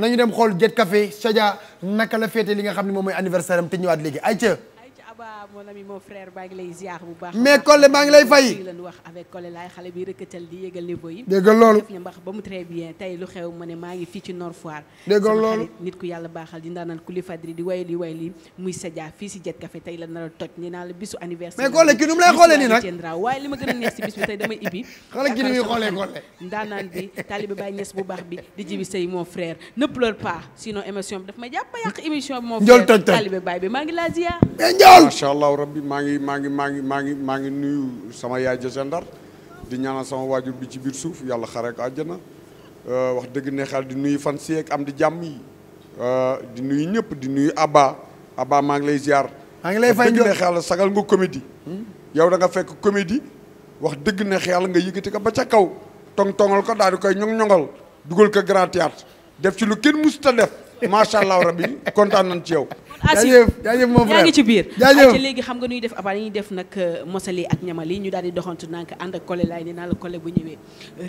nañu dem xool Jet Café Sadia naka la féete li nga xam ne moom mooy anniversaire am te ñëwaat léegi ay ca Aba mon ami mon frère maa ngi lay ziar bu baax. mais Kole maa ngi lay fay. lan wax avec Kole laay xale bi rëkkatal di yëgal niveau yi. déggal loolu def na mbax ba mu très bien tey lu xew ma ne maa ngi fii ci Nord déggal loolu nit ku yàlla baaxal di ndaanaan ku li fadri di way li way li muy Sadia fii si Jet Café tey la nar a toj nee naa la bisu anniversaire. mais Kole ki nu mu lay xoolee nii nag a taalibe Baye Niass bu baax bi di jibi say macha allah rabbi maa ngi maa ngi maa ngi maa ngi maa ngi nuyu sama yaay ja sa Ndar di ñaanal sama waajur bi ci biir suuf yàlla xare ko àjjana euh, wax dëgg neexal di nuyu fan si ak am di jàmm yi euh, di nuyu ñëpp di nuyu Abba Abba maa ngi lay ziar. maa ngi lay fay dëgg neex yàlla sagal nga comédie. Hmm? yow da nga fekk comédie wax dëgg neex yàlla nga yëkkati ko ba ca kaw. tong tongal ko daal di koy ñoŋ ñoŋal dugal ko grand théâtre def ci lu kenn musta def. macha allah rabi kontaan nañ ci yow. jaajëf jaajëf mon frère yaa ngi ci biir. jaajëf ci léegi xam nga nuy def abaa dañuy def nag euh, mosali ak ñamali ñu daal di doxantu nank ànd ak collé laay ne naa la collé bu ñëwee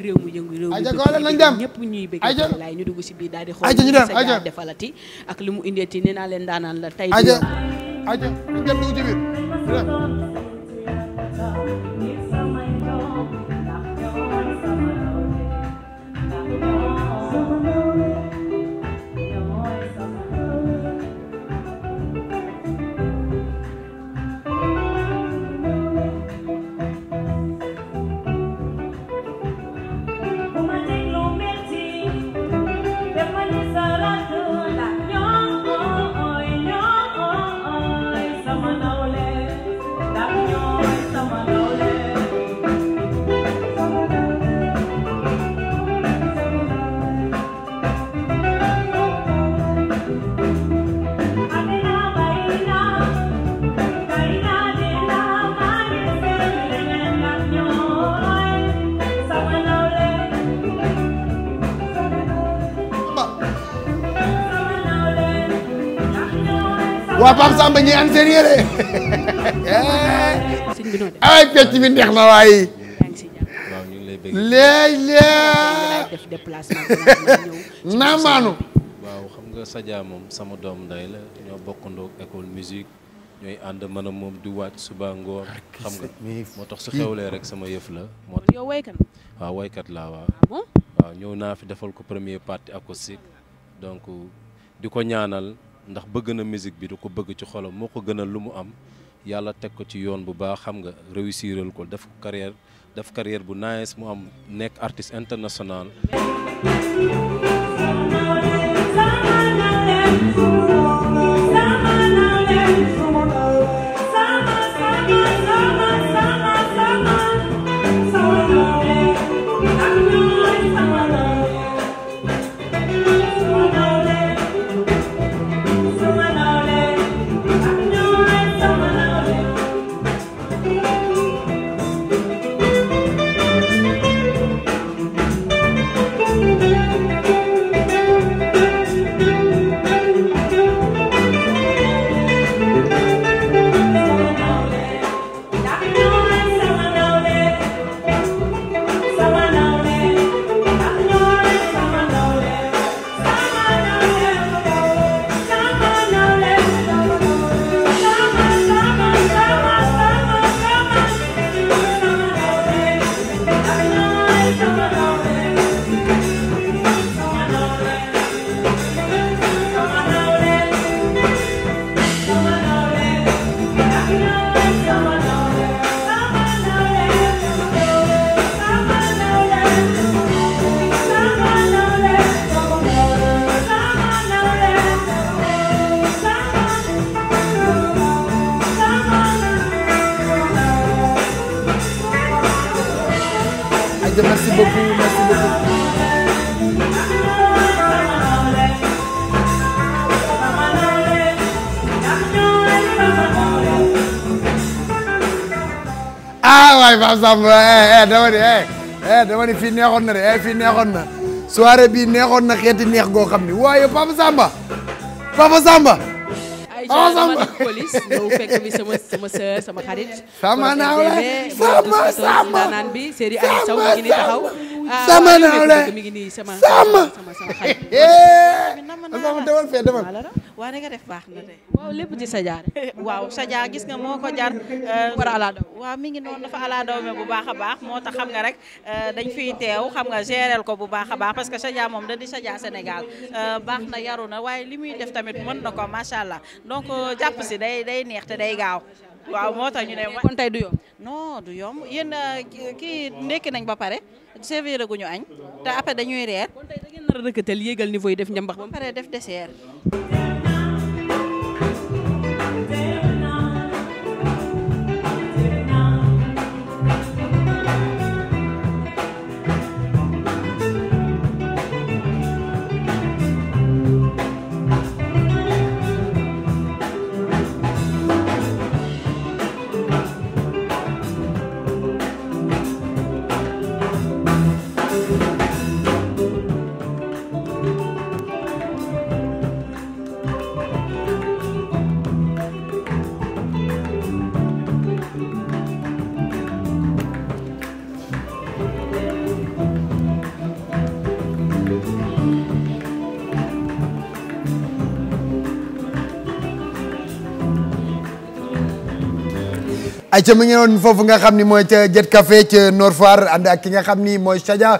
réew mu yëngu réew mu yëngu ñëpp ñuy bëgg collé laay ñu dugg si biir daal di xool sa jaar defalati ak li mu indeeti nee naa leen daanaan la tey aja aja ñu dugg waa Pape Samba ñi am seen yére ay pecc bi neex na waay léegi léegi naa maanu waaw xam nga Sadia moom sama doom ndey la ñoo bokkandoo école musique ñooy ànd mën a moom di wàcc suba ngoor xam nga moo tax su xewlee rek sama yëf la moo tax yow waaw waykat laa ah waaw ñëw naa fi defal ko premier partie acoustique donc di ko ñaanal ndax bëgg na musique bi du ko bëgg ci xolam moo ko gënal lu mu am yàlla teg ko ci yoon bu baax xam nga réussiral ko def carrière def carrière bu nice mu am nekk artiste international merci beaucoup. ah waay Pape Samba eh dama ni eh eh dama ni eh, eh, fii neexoon na de eh fii neexoon na soirée bii neexoon na xeeti neex goo xam ni waay Pape Samba Pape Samba. ah Samba police ñëw fekk Samba bi Serigne Aliou ngi ni taxaw. Ah, sama nawle mi ngi nii sama sama sama xarit. nama dewal waaw da nga def baax na tey. waaw lépp ci sa waaw sa jaar gis nga moo ko jaar. war a waaw mi ngi noonu dafa alaadawme bu baax a baax moo tax xam nga rek euh, dañ fiy teew xam nga géréel ko bu baax a baax parce que sa jaar moom da di sa Sénégal euh, baax na yaru na waaye li muy def tamit mën na ko macha allah donc euh, jàpp si day day neex te day gaaw. waaw moo tax ñu ne kon tey du yoom non du yomb yéen euh, kii ndekki nañ ba pare servir gu ñu añ te après dañuy reer kon tey da ngeen nar a niveau yi def njambax ba pare def dessert ayca mi ngi noon foofu nga xam ni mooy ca Jet Café ca Nord Foire ànd ak ki nga xam nii mooy Chadia